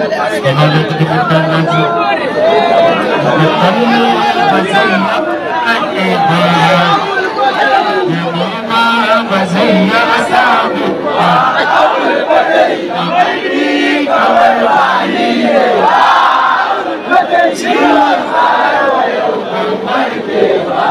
اے ناليو تيتن ناليو تاني ناليو فنسين اب اے اے يا ماما بزيا اساب وا اول پدري دمي کاوڙ واني اے وا ماتشير مارو رنگ مار کے وا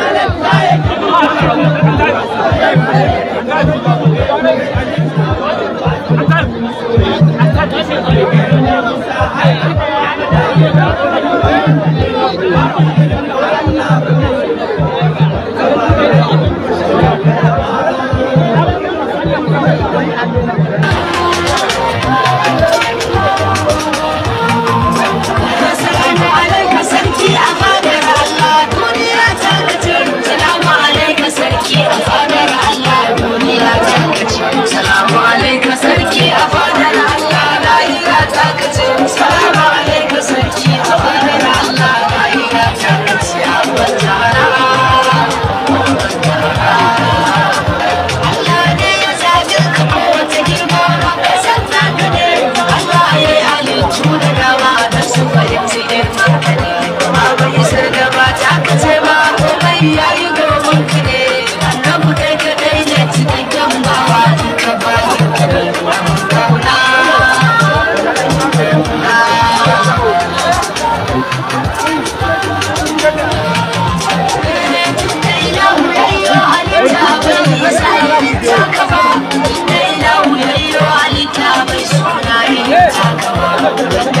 Thank you.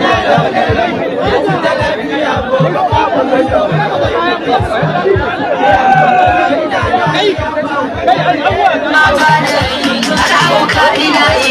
Obrigada.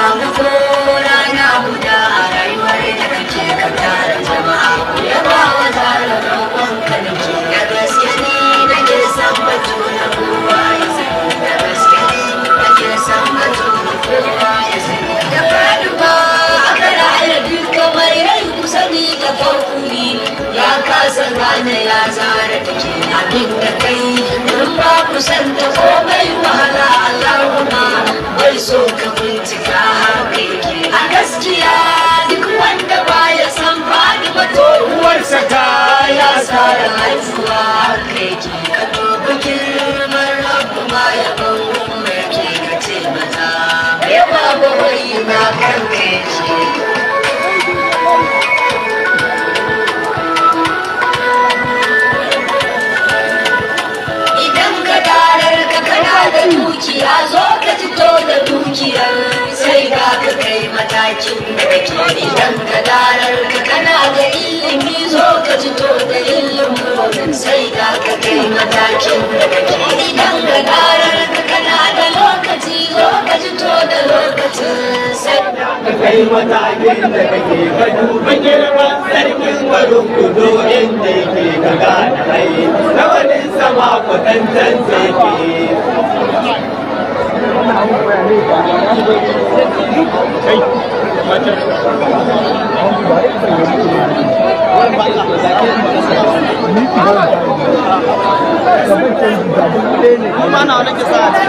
gonna go. a gaskiya duk wanda baya san ba to uwarsa ta ya tsara haihuwa haka yake ka dubi girman rabu ma ya bau mai ke ka ce mata yaba ba na kanka idan da darar ka kana da ilimi zo ka ji da dalilin domin sai da ka kai matakin da kake idan da darar ka kana da lokaci zo ka ji da lokacin sai da ka kai matakin da kake ka duba girma sarkin gwarin kudu inda yake ka gane hai rawanin sama ku tantance ke không Mana ada kesalahan?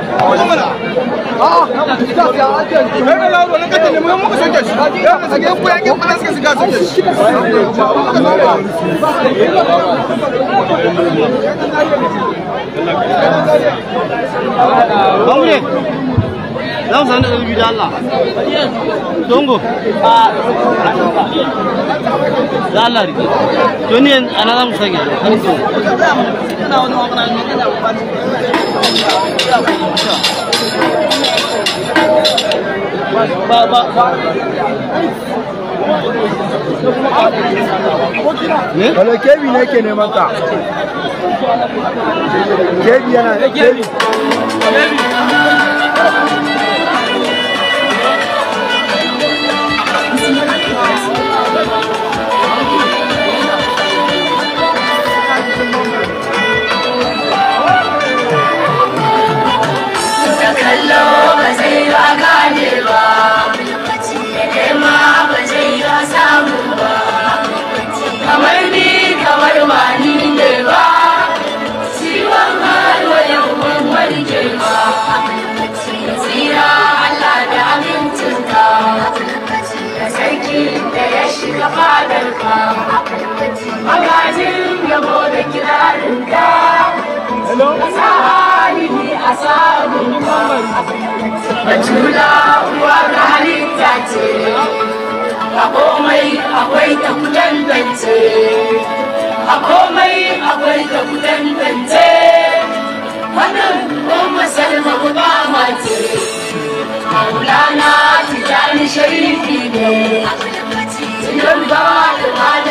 Vamos Lan sana ölgü de Allah. Dongo. Da Allah rike. Dönüyen anadan mı sen geldin? Hani ba ba ba Wala kebi ne ke neman Lord. Bajula uwa ga halitta ce, a komai akwai ta kudan bance, a komai akwai ta kudan bance, wannan goma salma guba mace. Maulana tijani sharifi ne, tunan ba da